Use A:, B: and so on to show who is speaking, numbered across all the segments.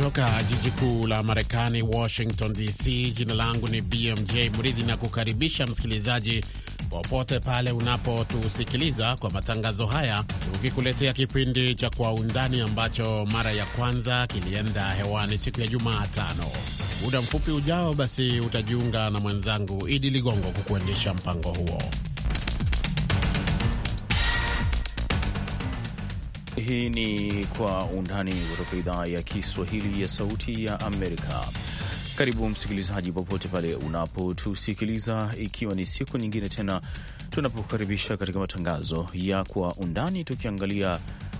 A: Kutoka jiji kuu la Marekani, Washington DC, jina langu ni BMJ Mridhi na kukaribisha msikilizaji popote pale unapotusikiliza kwa matangazo haya, tukikuletea kipindi cha Kwa Undani ambacho mara ya kwanza kilienda hewani siku ya Jumatano. Muda mfupi ujao, basi utajiunga na mwenzangu Idi Ligongo kukuendesha mpango huo.
B: Hii ni Kwa Undani kutoka idhaa ya Kiswahili ya Sauti ya Amerika. Karibu msikilizaji, popote pale unapotusikiliza, ikiwa ni siku nyingine tena tunapokaribisha katika matangazo ya Kwa Undani, tukiangalia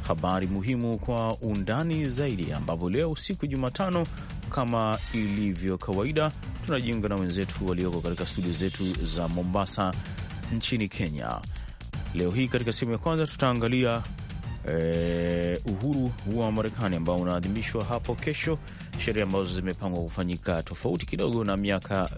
B: habari muhimu kwa undani zaidi, ambapo leo siku Jumatano, kama ilivyo kawaida, tunajiunga na wenzetu walioko katika studio zetu za Mombasa nchini Kenya. Leo hii katika sehemu ya kwanza tutaangalia eh, uhuru wa Marekani ambao unaadhimishwa hapo kesho, sherehe ambazo zimepangwa kufanyika tofauti kidogo na miaka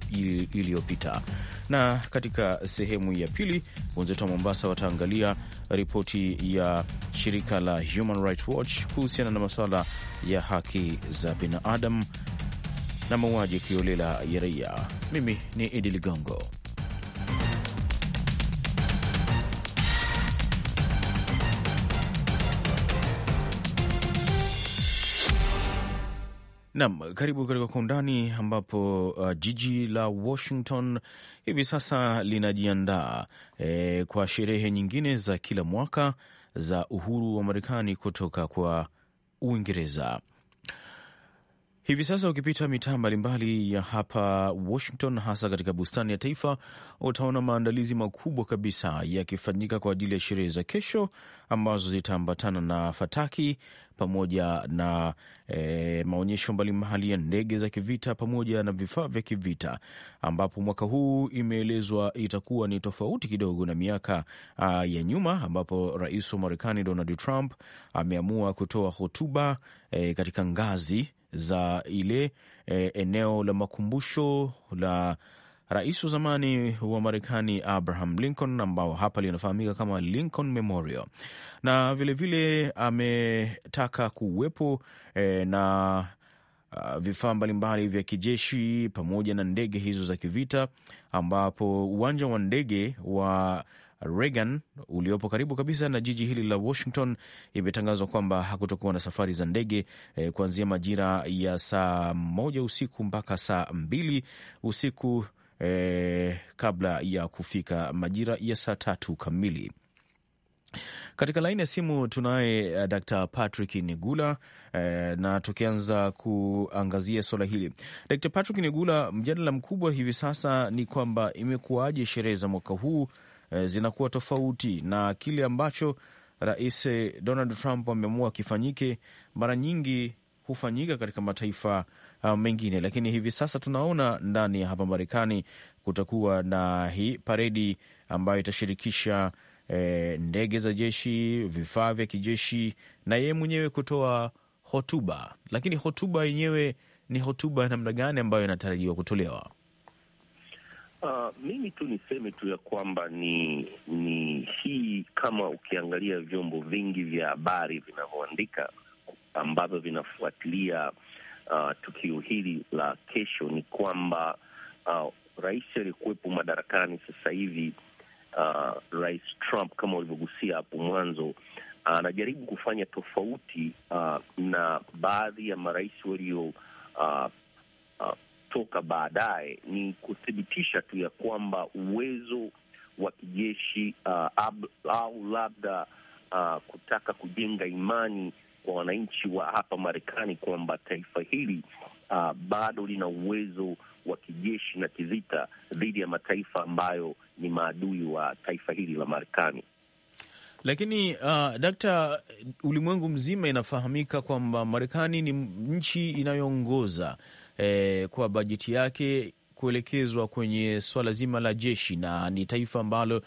B: iliyopita. Na katika sehemu ya pili wenzetu wa Mombasa wataangalia ripoti ya shirika la Human Rights Watch kuhusiana na masuala ya haki za binadamu na mauaji ya kiolela ya raia. Mimi ni Idi Ligongo. Nam, karibu katika Kwa Undani, ambapo uh, jiji la Washington hivi sasa linajiandaa e, kwa sherehe nyingine za kila mwaka za uhuru wa Marekani kutoka kwa Uingereza. Hivi sasa ukipita mitaa mbalimbali ya hapa Washington, hasa katika bustani ya Taifa, utaona maandalizi makubwa kabisa yakifanyika kwa ajili ya sherehe za kesho ambazo zitaambatana na fataki pamoja na e, maonyesho mbalimbali ya ndege za kivita pamoja na vifaa vya kivita, ambapo mwaka huu imeelezwa itakuwa ni tofauti kidogo na miaka a, ah, ya nyuma, ambapo rais wa Marekani Donald Trump ameamua kutoa hotuba e, katika ngazi za ile e, eneo la makumbusho la rais wa zamani wa Marekani Abraham Lincoln ambao hapa linafahamika kama Lincoln Memorial, na vilevile ametaka kuwepo e, na Uh, vifaa mbalimbali vya kijeshi pamoja na ndege hizo za kivita ambapo uwanja wa ndege wa Reagan uliopo karibu kabisa na jiji hili la Washington, imetangazwa kwamba hakutokuwa na safari za ndege e, kuanzia majira ya saa moja usiku mpaka saa mbili usiku e, kabla ya kufika majira ya saa tatu kamili. Katika laini ya simu tunaye eh, Dr. Patrick Nigula uh, na tukianza kuangazia swala hili Dr. Patrick Nigula, mjadala mkubwa hivi sasa ni kwamba imekuwaje sherehe za mwaka huu E, zinakuwa tofauti na kile ambacho Rais Donald Trump ameamua kifanyike, mara nyingi hufanyika katika mataifa uh, mengine, lakini hivi sasa tunaona ndani ya hapa Marekani kutakuwa na hii paredi ambayo itashirikisha eh, ndege za jeshi, vifaa vya kijeshi na yeye mwenyewe kutoa hotuba. Lakini hotuba yenyewe ni hotuba namna gani ambayo inatarajiwa kutolewa?
C: Uh, mimi tu niseme tu ya kwamba ni ni hii, kama ukiangalia vyombo vingi vya habari vinavyoandika ambavyo vinafuatilia uh, tukio hili la kesho, ni kwamba uh, rais aliyekuwepo madarakani sasa hivi uh, Rais Trump kama ulivyogusia hapo mwanzo anajaribu uh, kufanya tofauti uh, na baadhi ya marais walio uh, uh, kutoka baadaye ni kuthibitisha tu ya kwamba uwezo wa kijeshi uh, au labda uh, kutaka kujenga imani kwa wananchi wa hapa Marekani kwamba taifa hili uh, bado lina uwezo wa kijeshi na kivita dhidi ya mataifa ambayo ni maadui wa taifa hili la Marekani.
B: Lakini uh, dakta, ulimwengu mzima inafahamika kwamba Marekani ni nchi inayoongoza eh, kwa bajeti yake kuelekezwa kwenye swala zima la jeshi, na ni taifa ambalo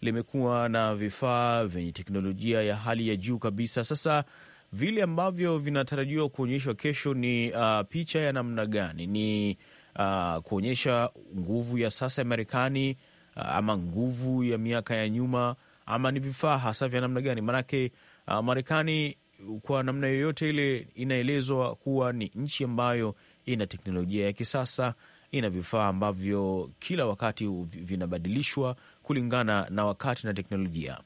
B: limekuwa na vifaa vyenye teknolojia ya hali ya juu kabisa. Sasa vile ambavyo vinatarajiwa kuonyeshwa kesho ni uh, picha ya namna gani? Ni uh, kuonyesha nguvu ya sasa ya Marekani uh, ama nguvu ya miaka ya nyuma ama ni vifaa hasa vya namna gani? Maanake uh, Marekani kwa namna yoyote ile inaelezwa kuwa ni nchi ambayo ina teknolojia ya kisasa, ina vifaa ambavyo kila wakati vinabadilishwa kulingana na wakati na teknolojia.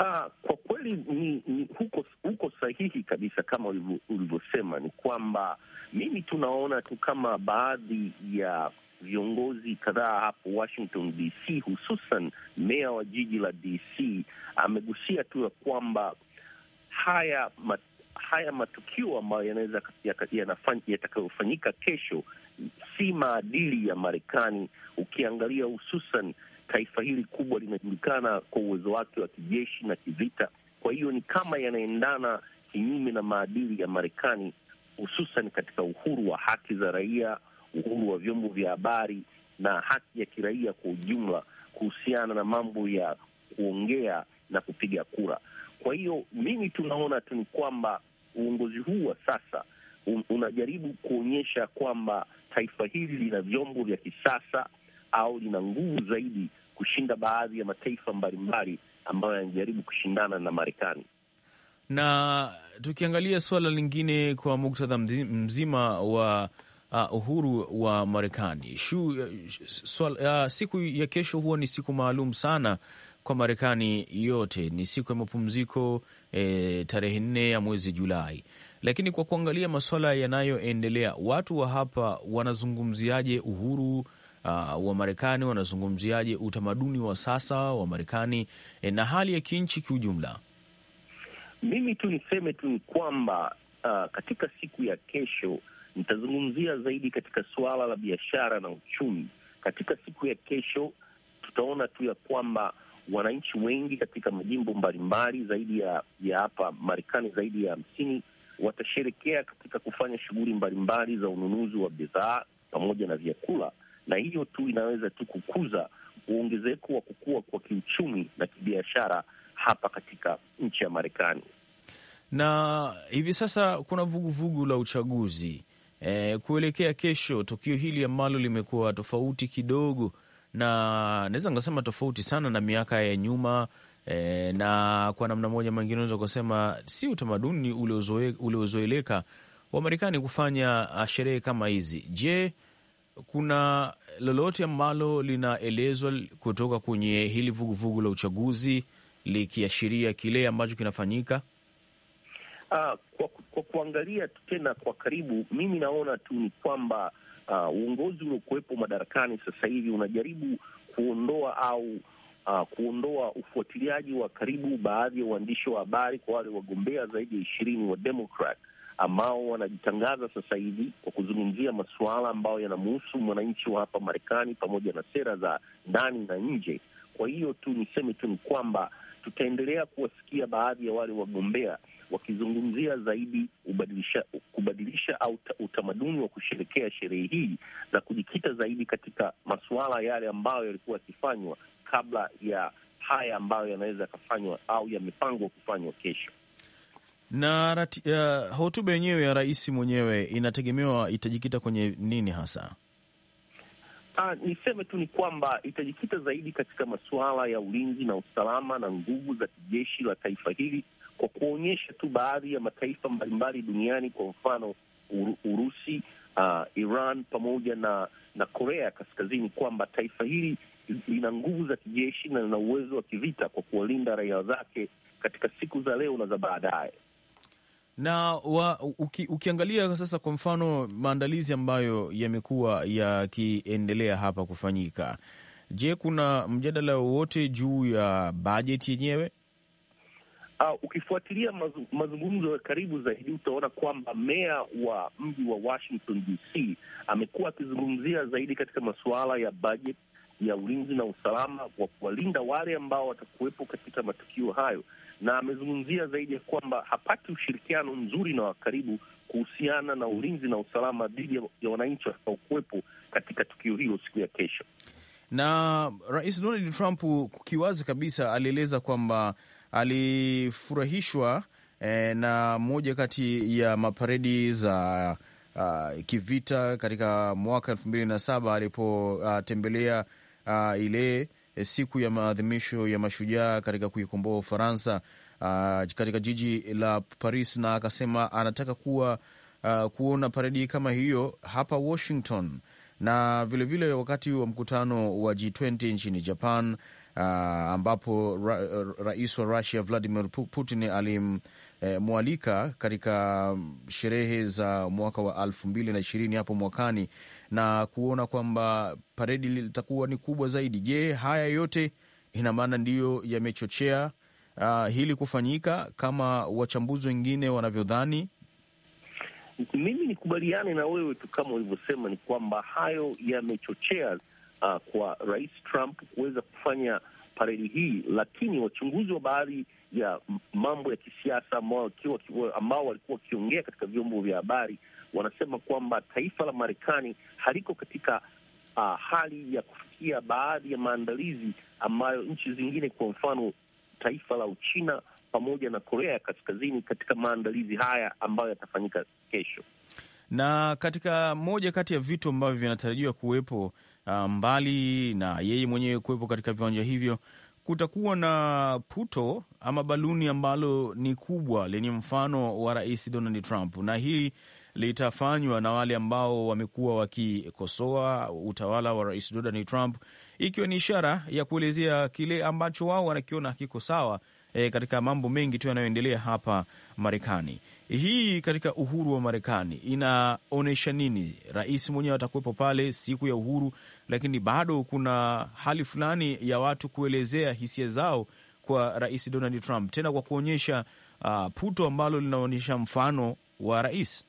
C: Uh, kwa kweli ni, ni huko huko sahihi kabisa kama ulivyosema, ni kwamba mimi tunaona tu kama baadhi ya viongozi kadhaa hapo Washington DC, hususan meya wa jiji la DC amegusia tu ya kwamba haya haya matukio ambayo yanaweza yatakayofanyika kesho si maadili ya Marekani. Ukiangalia hususan taifa hili kubwa linajulikana kwa uwezo wake wa kijeshi na kivita, kwa hiyo ni kama yanaendana kinyume na maadili ya Marekani, hususan katika uhuru wa haki za raia, uhuru wa vyombo vya habari na haki ya kiraia kwa ujumla, kuhusiana na mambo ya kuongea na kupiga kura. Kwa hiyo mimi tunaona tu ni kwamba uongozi huu wa sasa unajaribu kuonyesha kwamba taifa hili lina vyombo vya kisasa au lina nguvu zaidi kushinda baadhi ya mataifa mbalimbali ambayo yanajaribu kushindana na Marekani.
B: Na tukiangalia suala lingine kwa muktadha mzima wa uh, uhuru wa Marekani, uh, siku ya kesho huwa ni siku maalum sana kwa Marekani yote ni siku ya mapumziko e, tarehe nne ya mwezi Julai, lakini kwa kuangalia masuala yanayoendelea, watu wa hapa wanazungumziaje uhuru Uh, wa Marekani wanazungumziaje utamaduni wa sasa wa Marekani e, na hali ya kinchi kiujumla.
C: Mimi tu niseme tu ni kwamba uh, katika siku ya kesho nitazungumzia zaidi katika suala la biashara na uchumi. Katika siku ya kesho tutaona tu ya kwamba wananchi wengi katika majimbo mbalimbali zaidi ya ya hapa Marekani zaidi ya hamsini watasherekea katika kufanya shughuli mbalimbali za ununuzi wa bidhaa pamoja na vyakula, na hiyo tu inaweza tu kukuza uongezeko wa kukua kwa kiuchumi na kibiashara hapa katika nchi ya Marekani.
B: Na hivi sasa kuna vuguvugu vugu la uchaguzi e, kuelekea kesho. Tukio hili ambalo limekuwa tofauti kidogo na naweza nikasema tofauti sana na miaka ya nyuma e, na kwa namna moja mwingine unaweza kusema si utamaduni uliozoeleka ule wa Marekani kufanya ah, sherehe kama hizi. Je, kuna lolote ambalo linaelezwa kutoka kwenye hili vuguvugu la uchaguzi likiashiria kile ambacho kinafanyika?
C: Aa, ah, kwa, kwa kuangalia tena kwa karibu, mimi naona tu ni kwamba uh, uongozi uliokuwepo madarakani sasa hivi unajaribu kuondoa au uh, kuondoa ufuatiliaji wa karibu baadhi ya waandishi wa habari kwa wale wagombea zaidi ya ishirini wa Democrat ambao wanajitangaza sasa hivi kwa kuzungumzia masuala ambayo yanamuhusu mwananchi wa hapa Marekani pamoja na sera za ndani na nje. Kwa hiyo tu niseme tu ni kwamba tutaendelea kuwasikia baadhi ya wale wagombea wakizungumzia zaidi ubadilisha, kubadilisha au utamaduni wa kusherekea sherehe hii na kujikita zaidi katika masuala yale ambayo yalikuwa yakifanywa kabla ya haya ambayo yanaweza yakafanywa au yamepangwa kufanywa kesho.
B: Na rati, uh, hotuba yenyewe ya rais mwenyewe inategemewa itajikita kwenye nini hasa?
C: Ah, niseme tu ni kwamba itajikita zaidi katika masuala ya ulinzi na usalama na nguvu za kijeshi la taifa hili kwa kuonyesha tu baadhi ya mataifa mbalimbali duniani, kwa mfano Urusi, uh, Iran pamoja na na Korea ya Kaskazini kwamba taifa hili lina nguvu za kijeshi na lina uwezo wa kivita kwa kuwalinda raia zake katika siku za leo na za baadaye
B: na wa, uki, ukiangalia sasa kwa mfano maandalizi ambayo yamekuwa yakiendelea hapa kufanyika, je, kuna mjadala wowote juu ya bajeti yenyewe?
C: Uh, ukifuatilia mazu, mazungumzo ya karibu zaidi utaona kwamba meya wa mji wa Washington DC amekuwa akizungumzia zaidi katika masuala ya bajeti ya ulinzi na usalama wa kuwalinda wale ambao watakuwepo katika matukio hayo, na amezungumzia zaidi ya kwamba hapati ushirikiano mzuri na wa karibu kuhusiana na ulinzi na usalama dhidi ya wananchi watakaokuwepo katika tukio hilo siku ya kesho.
B: Na Rais Donald Trump kiwazi kabisa alieleza kwamba alifurahishwa eh, na moja kati ya maparedi za uh, kivita katika mwaka elfu mbili na saba alipotembelea ah, uh, uh, ile eh, siku ya maadhimisho ya mashujaa katika kuikomboa Ufaransa uh, katika jiji la Paris, na akasema anataka kuwa uh, kuona paredi kama hiyo hapa Washington, na vilevile vile wakati wa mkutano wa G20 nchini Japan uh, ambapo ra, eh, rais wa Russia Vladimir Putin alimwalika eh, e, katika sherehe za mwaka wa elfu mbili na ishirini hapo mwakani na kuona kwamba paredi litakuwa ni kubwa zaidi. Je, haya yote ina maana ndiyo yamechochea uh, hili kufanyika kama wachambuzi wengine wanavyodhani?
C: Mimi nikubaliane na wewe tu kama ulivyosema, ni kwamba hayo yamechochea uh, kwa rais Trump kuweza kufanya pareli hii, lakini wachunguzi wa baadhi ya mambo ya kisiasa ambao walikuwa wakiongea katika vyombo vya habari wanasema kwamba taifa la Marekani haliko katika uh, hali ya kufikia baadhi ya maandalizi ambayo nchi zingine, kwa mfano taifa la Uchina pamoja na Korea ya Kaskazini, katika maandalizi haya ambayo yatafanyika kesho
B: na katika moja kati ya vitu ambavyo vinatarajiwa kuwepo ah, mbali na yeye mwenyewe kuwepo katika viwanja hivyo, kutakuwa na puto ama baluni ambalo ni kubwa lenye mfano wa Rais Donald Trump, na hili litafanywa na wale ambao wamekuwa wakikosoa utawala wa Rais Donald Trump, ikiwa ni ishara ya kuelezea kile ambacho wao wanakiona hakiko sawa e, katika mambo mengi tu yanayoendelea hapa Marekani. Hii katika uhuru wa Marekani inaonyesha nini? Rais mwenyewe atakuwepo pale siku ya uhuru, lakini bado kuna hali fulani ya watu kuelezea hisia zao kwa Rais Donald Trump, tena kwa kuonyesha uh, puto ambalo linaonyesha mfano wa rais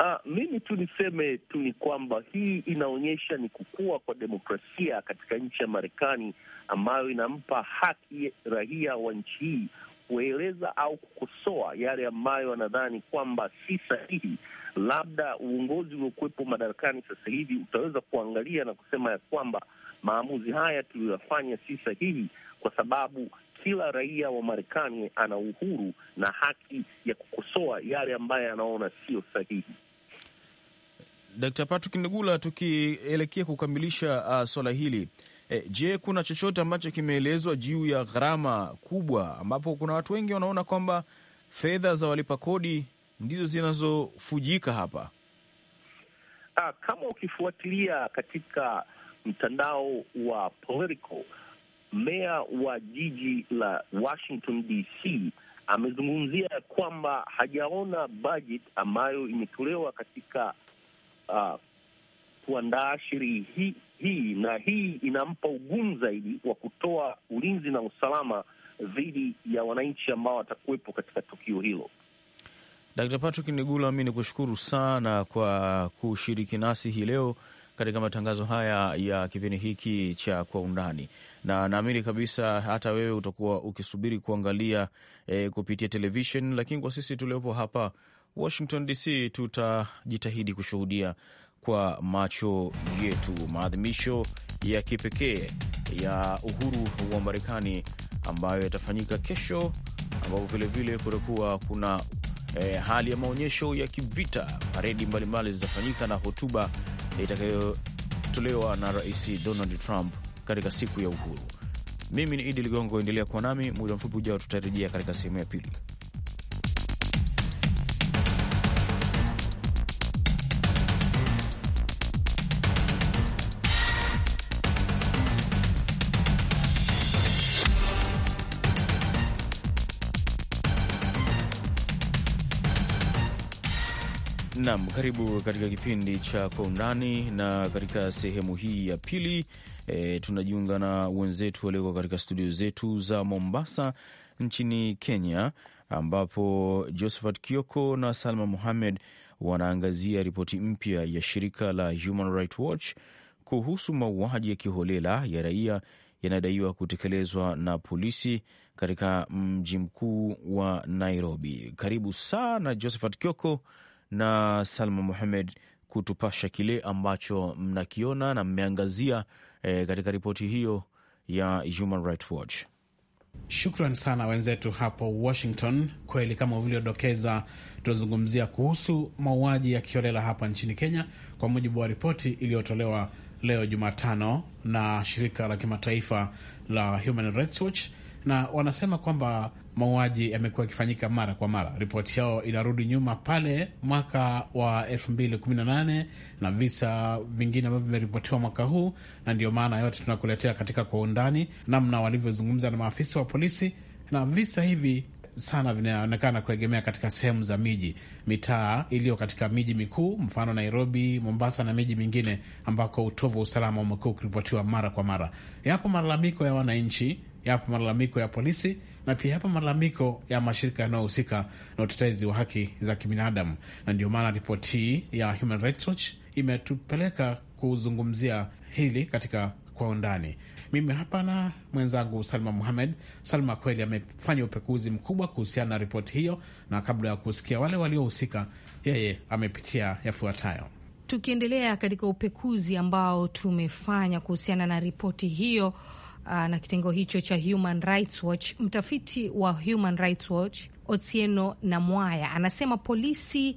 C: Uh, mimi tu niseme tu ni kwamba hii inaonyesha ni kukua kwa demokrasia katika nchi ya Marekani ambayo inampa haki raia wa nchi hii kueleza au kukosoa yale ambayo wanadhani kwamba si sahihi. Labda uongozi uliokuwepo madarakani sasa hivi utaweza kuangalia na kusema ya kwamba maamuzi haya tuliyoyafanya si sahihi, kwa sababu kila raia wa Marekani ana uhuru na haki ya kukosoa yale ambayo anaona siyo sahihi.
B: Dkt. Patrick Nigula, tukielekea kukamilisha uh, swala hili e, je, kuna chochote ambacho kimeelezwa juu ya gharama kubwa, ambapo kuna watu wengi wanaona kwamba fedha za walipa kodi ndizo zinazofujika hapa?
C: Ah, kama ukifuatilia katika mtandao wa Politico, meya wa jiji la Washington DC amezungumzia kwamba hajaona ambayo imetolewa katika uh, kuandaa sherehe hii hii, na hii inampa ugumu zaidi wa kutoa ulinzi na usalama dhidi ya wananchi ambao watakuwepo katika tukio hilo.
B: Dkt. Patrick Nigula, mi ni kushukuru sana kwa kushiriki nasi hii leo katika matangazo haya ya kipindi hiki cha Kwa Undani, na naamini kabisa hata wewe utakuwa ukisubiri kuangalia e, kupitia televishen, lakini kwa sisi tuliopo hapa Washington DC tutajitahidi kushuhudia kwa macho yetu maadhimisho ya kipekee ya uhuru wa Marekani ambayo yatafanyika kesho, ambapo vilevile kutakuwa kuna e, hali ya maonyesho ya kivita, paredi mbalimbali zitafanyika na hotuba itakayotolewa na Rais Donald Trump katika siku ya uhuru. Mimi ni Idi Ligongo, endelea kuwa nami. Muda mfupi ujao tutarejea katika sehemu ya pili. nam karibu katika kipindi cha Kwa Undani, na katika sehemu hii ya pili e, tunajiunga na wenzetu walioko katika studio zetu za Mombasa nchini Kenya, ambapo Josephat Kioko na Salma Muhamed wanaangazia ripoti mpya ya shirika la Human Rights Watch kuhusu mauaji ya kiholela ya raia yanayodaiwa kutekelezwa na polisi katika mji mkuu wa Nairobi. Karibu sana Josephat Kioko na Salma Muhamed kutupasha kile ambacho mnakiona na mmeangazia e, katika ripoti hiyo ya Human Rights Watch.
D: Shukran sana wenzetu hapo Washington. Kweli kama ulivyodokeza, tunazungumzia kuhusu mauaji ya kiolela hapa nchini Kenya, kwa mujibu wa ripoti iliyotolewa leo Jumatano na shirika la kimataifa la Human Rights Watch na wanasema kwamba mauaji yamekuwa yakifanyika mara kwa mara. Ripoti yao inarudi nyuma pale mwaka wa 2018 na visa vingine ambavyo vimeripotiwa mwaka huu, na ndio maana yote tunakuletea katika kwa undani, namna walivyozungumza na maafisa wa polisi, na visa hivi sana vinaonekana kuegemea katika sehemu za miji, mitaa iliyo katika miji mikuu, mfano Nairobi, Mombasa na miji mingine ambako utovu wa usalama umekuwa ukiripotiwa mara kwa mara. Yapo malalamiko ya wananchi yapo malalamiko ya polisi na pia yapo malalamiko ya mashirika yanayohusika na utetezi wa haki za kibinadamu, na ndio maana ripoti hii ya Human Rights Watch imetupeleka kuzungumzia hili katika kwa undani. Mimi hapa na mwenzangu Salma Muhamed. Salma kweli amefanya upekuzi mkubwa kuhusiana na ripoti hiyo, na kabla ya kusikia wale waliohusika, yeye amepitia yafuatayo.
E: Tukiendelea katika upekuzi ambao tumefanya kuhusiana na ripoti hiyo Ah, na kitengo hicho cha Human Rights Watch. Mtafiti wa Human Rights Watch Otieno Namwaya anasema polisi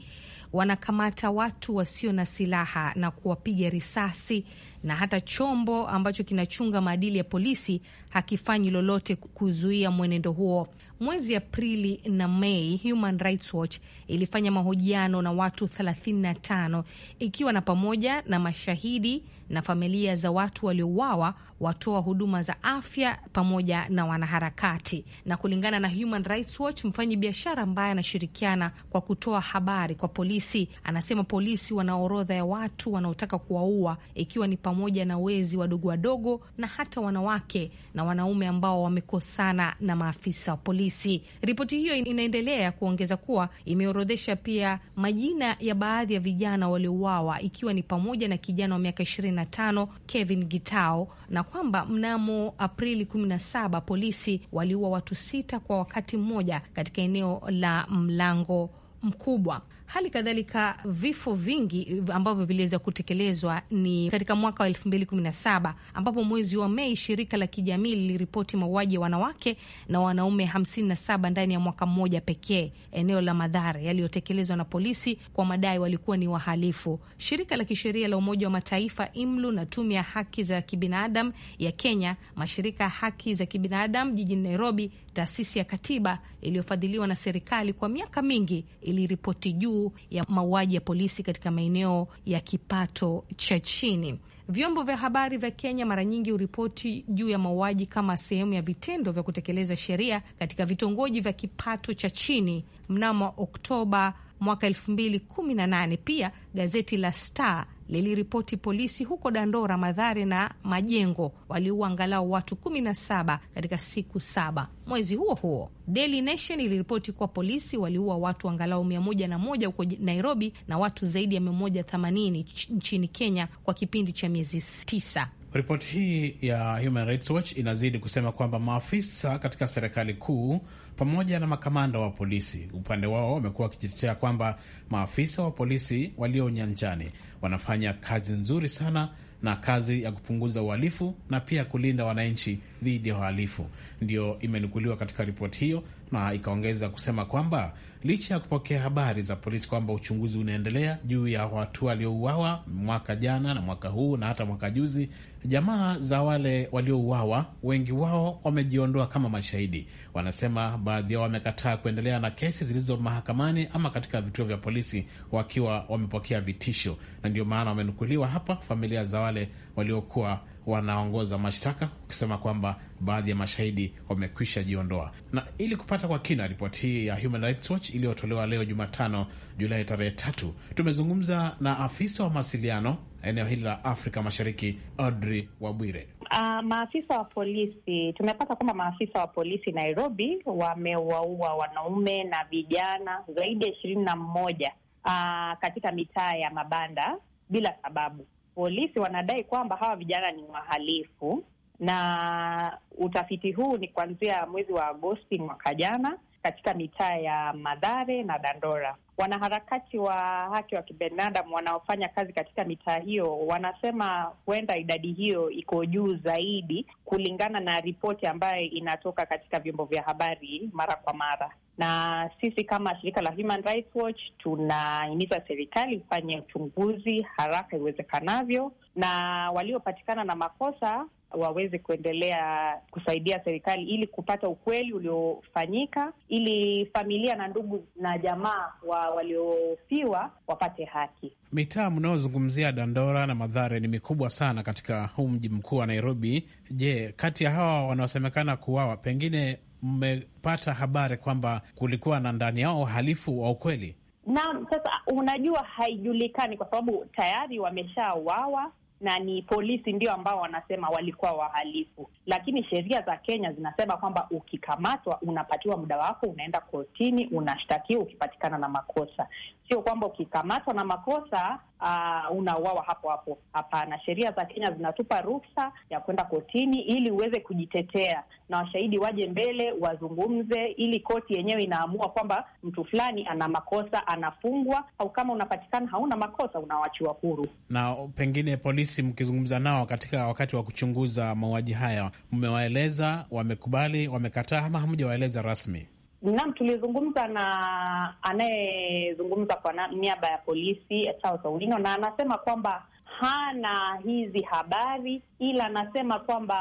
E: wanakamata watu wasio na silaha na kuwapiga risasi, na hata chombo ambacho kinachunga maadili ya polisi hakifanyi lolote kuzuia mwenendo huo. Mwezi Aprili na Mei, Human Rights Watch ilifanya mahojiano na watu 35 ikiwa na pamoja na mashahidi na familia za watu waliouawa, watoa huduma za afya pamoja na wanaharakati. Na kulingana na Human Rights Watch, mfanyi biashara ambaye anashirikiana kwa kutoa habari kwa polisi anasema polisi wana orodha ya watu wanaotaka kuwaua, ikiwa ni pamoja na wezi wadogo wadogo na hata wanawake na wanaume ambao wamekosana na maafisa wa polisi. Ripoti hiyo inaendelea kuongeza kuwa imeorodhesha pia majina ya baadhi ya vijana waliouawa, ikiwa ni pamoja na kijana wa miaka ishirini 45 Kevin Gitao na kwamba mnamo Aprili 17 polisi waliua watu sita kwa wakati mmoja katika eneo la Mlango Mkubwa. Hali kadhalika vifo vingi ambavyo viliweza kutekelezwa ni katika mwaka wa elfu mbili kumi na saba ambapo mwezi wa Mei shirika la kijamii liliripoti mauaji ya wanawake na wanaume hamsini na saba ndani ya mwaka mmoja pekee eneo la Madhara yaliyotekelezwa na polisi kwa madai walikuwa ni wahalifu. Shirika la kisheria la Umoja wa Mataifa IMLU na tume ya haki za kibinadamu ya Kenya, mashirika ya haki za kibinadamu jijini Nairobi, taasisi ya katiba iliyofadhiliwa na serikali kwa miaka mingi iliripoti juu juu ya mauaji ya polisi katika maeneo ya kipato cha chini. Vyombo vya habari vya Kenya mara nyingi huripoti juu ya mauaji kama sehemu ya vitendo vya kutekeleza sheria katika vitongoji vya kipato cha chini. Mnamo Oktoba mwaka 2018 pia gazeti la Star liliripoti polisi huko Dandora, Madhare na Majengo waliua angalau watu kumi na saba katika siku saba. Mwezi huo huo Daily Nation iliripoti kuwa polisi waliua watu angalau mia moja na moja huko Nairobi na watu zaidi ya mia moja themanini nchini Kenya kwa kipindi cha miezi tisa.
D: Ripoti hii ya Human Rights Watch inazidi kusema kwamba maafisa katika serikali kuu pamoja na makamanda wa polisi upande wao wamekuwa wakijitetea kwamba maafisa wa polisi walio nyanjani wanafanya kazi nzuri sana na kazi ya kupunguza uhalifu na pia kulinda wananchi dhidi ya uhalifu ndio imenukuliwa katika ripoti hiyo, na ikaongeza kusema kwamba licha ya kupokea habari za polisi kwamba uchunguzi unaendelea juu ya watu waliouawa mwaka jana na mwaka huu na hata mwaka juzi, jamaa za wale waliouawa, wengi wao wamejiondoa kama mashahidi. Wanasema baadhi yao wamekataa kuendelea na kesi zilizo mahakamani ama katika vituo vya polisi, wakiwa wamepokea vitisho, na ndio maana wamenukuliwa hapa familia za wale waliokuwa wanaongoza mashtaka wakisema kwamba baadhi ya mashahidi wamekwisha jiondoa. Na ili kupata kwa kina ripoti hii ya Human Rights Watch iliyotolewa leo Jumatano Julai tarehe tatu, tumezungumza na afisa wa mawasiliano eneo hili la Afrika Mashariki, Audrey Wabwire.
F: Uh, maafisa wa polisi tumepata kwamba maafisa wa polisi Nairobi wamewaua wanaume na vijana zaidi ya ishirini na mmoja uh, katika mitaa ya mabanda bila sababu polisi wanadai kwamba hawa vijana ni wahalifu, na utafiti huu ni kuanzia mwezi wa Agosti mwaka jana katika mitaa ya Madhare na Dandora. Wanaharakati wa haki wa kibinadamu wanaofanya kazi katika mitaa hiyo wanasema huenda idadi hiyo iko juu zaidi kulingana na ripoti ambayo inatoka katika vyombo vya habari mara kwa mara na sisi kama shirika la Human Rights Watch tunahimiza serikali ifanye uchunguzi haraka iwezekanavyo, na waliopatikana na makosa waweze kuendelea kusaidia serikali ili kupata ukweli uliofanyika, ili familia na ndugu na jamaa wa waliofiwa wapate haki.
D: Mitaa mnaozungumzia Dandora na Madhare ni mikubwa sana katika huu mji mkuu wa Nairobi. Je, kati ya hawa wanaosemekana kuuawa, pengine mmepata habari kwamba kulikuwa na ndani yao uhalifu wa ukweli?
F: Naam, sasa unajua, haijulikani kwa sababu tayari wameshauawa na ni polisi ndio ambao wanasema walikuwa wahalifu, lakini sheria za Kenya zinasema kwamba ukikamatwa unapatiwa muda wako, unaenda kotini, unashtakiwa ukipatikana na makosa. Sio kwamba ukikamatwa na makosa uh, unauawa hapo hapo. Hapana, sheria za Kenya zinatupa ruksa ya kwenda kotini ili uweze kujitetea na washahidi waje mbele wazungumze, ili koti yenyewe inaamua kwamba mtu fulani ana makosa, anafungwa, au kama unapatikana hauna makosa unawachiwa huru,
D: na pengine polisi polisi mkizungumza nao katika wakati wa kuchunguza mauaji haya, mmewaeleza wamekubali, wamekataa ama hamjawaeleza rasmi?
F: Naam, tulizungumza na anayezungumza kwa niaba ya polisi Charles Owino, na anasema kwamba hana hizi habari, ila anasema kwamba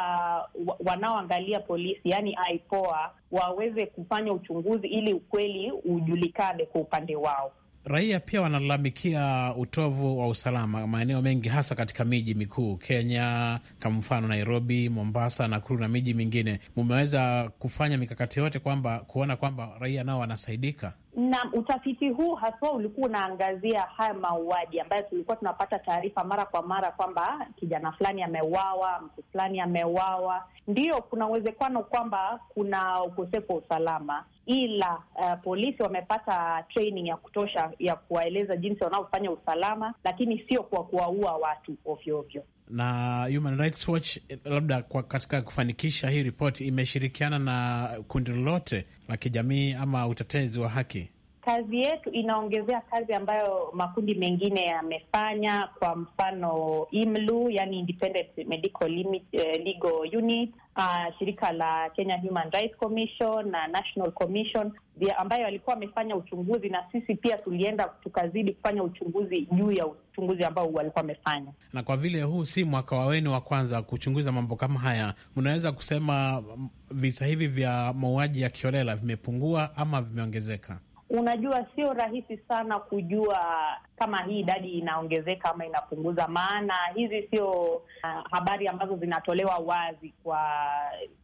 F: wanaoangalia polisi, yani IPOA, waweze kufanya uchunguzi ili ukweli ujulikane kwa upande wao.
D: Raia pia wanalalamikia utovu wa usalama maeneo mengi, hasa katika miji mikuu Kenya, kwa mfano Nairobi, Mombasa, Nakuru na miji mingine. Mumeweza kufanya mikakati yote kwamba kuona kwamba raia nao wanasaidika?
F: na utafiti huu haswa ulikuwa unaangazia haya mauaji ambayo tulikuwa tunapata taarifa mara kwa mara kwamba kijana fulani ameuawa, mtu fulani ameuawa. ndio kuna uwezekano kwamba kuna ukosefu wa usalama, ila uh, polisi wamepata training ya kutosha ya kuwaeleza jinsi wanaofanya usalama, lakini sio kwa kuwaua watu ovyoovyo
D: na Human Rights Watch eh, labda kwa katika kufanikisha hii ripoti imeshirikiana na kundi lolote la kijamii ama utetezi wa haki?
F: kazi yetu inaongezea kazi ambayo makundi mengine yamefanya, kwa mfano IMLU, yani Independent Medical Limit, eh, Legal Unit, uh, shirika la Kenya Human Rights Commission na National Commission ambayo walikuwa wamefanya uchunguzi, na sisi pia tulienda tukazidi kufanya uchunguzi juu ya uchunguzi ambao walikuwa wamefanya.
D: Na kwa vile huu si mwaka wenu wa kwanza kuchunguza mambo kama haya, mnaweza kusema visa hivi vya mauaji ya kiolela vimepungua ama vimeongezeka?
F: Unajua, sio rahisi sana kujua kama hii idadi inaongezeka ama inapunguza, maana hizi sio uh, habari ambazo zinatolewa wazi kwa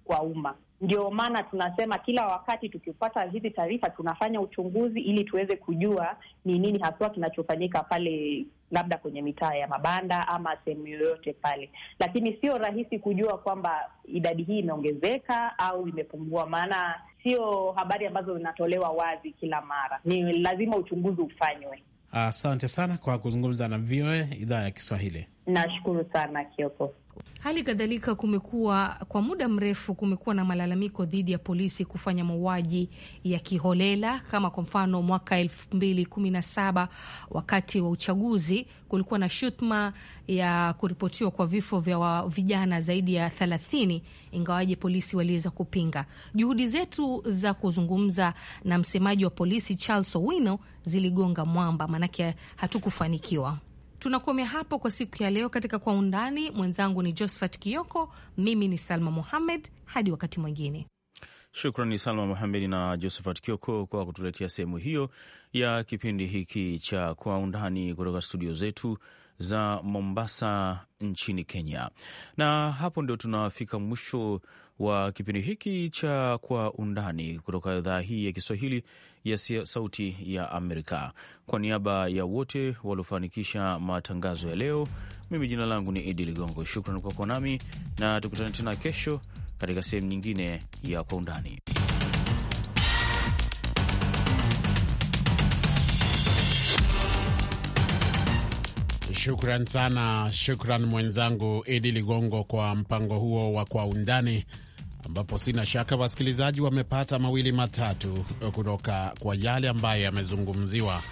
F: kwa umma. Ndio maana tunasema kila wakati tukipata hizi taarifa tunafanya uchunguzi ili tuweze kujua ni nini haswa kinachofanyika pale, labda kwenye mitaa ya mabanda ama sehemu yoyote pale, lakini sio rahisi kujua kwamba idadi hii imeongezeka au imepungua, maana sio habari ambazo zinatolewa wazi kila mara, ni lazima uchunguzi
E: ufanywe.
D: Asante sana kwa kuzungumza na VOA idhaa ya Kiswahili.
F: Nashukuru sana Kioko.
E: Hali kadhalika kumekuwa kwa muda mrefu, kumekuwa na malalamiko dhidi ya polisi kufanya mauaji ya kiholela, kama kwa mfano mwaka elfu mbili kumi na saba wakati wa uchaguzi kulikuwa na shutuma ya kuripotiwa kwa vifo vya vijana zaidi ya thelathini, ingawaje polisi waliweza kupinga. Juhudi zetu za kuzungumza na msemaji wa polisi Charles Owino ziligonga mwamba, maanake hatukufanikiwa. Tunakomea hapo kwa siku ya leo katika Kwa Undani. Mwenzangu ni Josphat Kioko, mimi ni Salma muhammed Hadi wakati mwingine.
B: Shukrani Salma muhamed na Josephat Kioko kwa kutuletea sehemu hiyo ya kipindi hiki cha Kwa Undani kutoka studio zetu za Mombasa nchini Kenya. Na hapo ndio tunafika mwisho wa kipindi hiki cha Kwa Undani kutoka idhaa hii ya Kiswahili ya Sauti ya Amerika. Kwa niaba ya wote waliofanikisha matangazo ya leo, mimi jina langu ni Idi Ligongo. Shukran kwa kuwa nami na tukutane tena kesho katika sehemu nyingine ya Kwa Undani.
A: Shukran sana, shukran mwenzangu Idi Ligongo kwa mpango huo wa Kwa Undani, ambapo sina shaka wasikilizaji wamepata mawili matatu kutoka kwa yale ambayo yamezungumziwa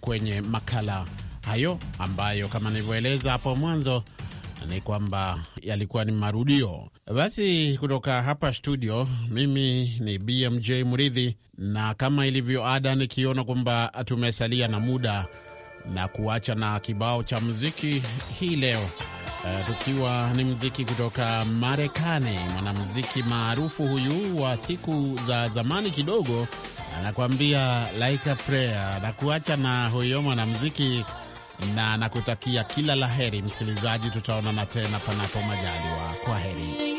A: kwenye makala hayo, ambayo kama nilivyoeleza hapo mwanzo ni kwamba yalikuwa ni marudio. Basi kutoka hapa studio, mimi ni BMJ Mridhi, na kama ilivyo ada, nikiona kwamba tumesalia na muda na kuacha na kibao cha muziki hii leo uh, tukiwa ni muziki kutoka Marekani, mwanamuziki maarufu huyu wa siku za zamani kidogo anakuambia like a prayer, na kuacha na huyo mwanamuziki na nakutakia kila la heri msikilizaji, tutaonana tena panapo majaliwa. Kwa heri.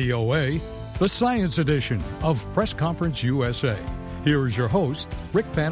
G: VOA,
H: the Science Edition of Press Conference USA. Here's your host, Rick Van.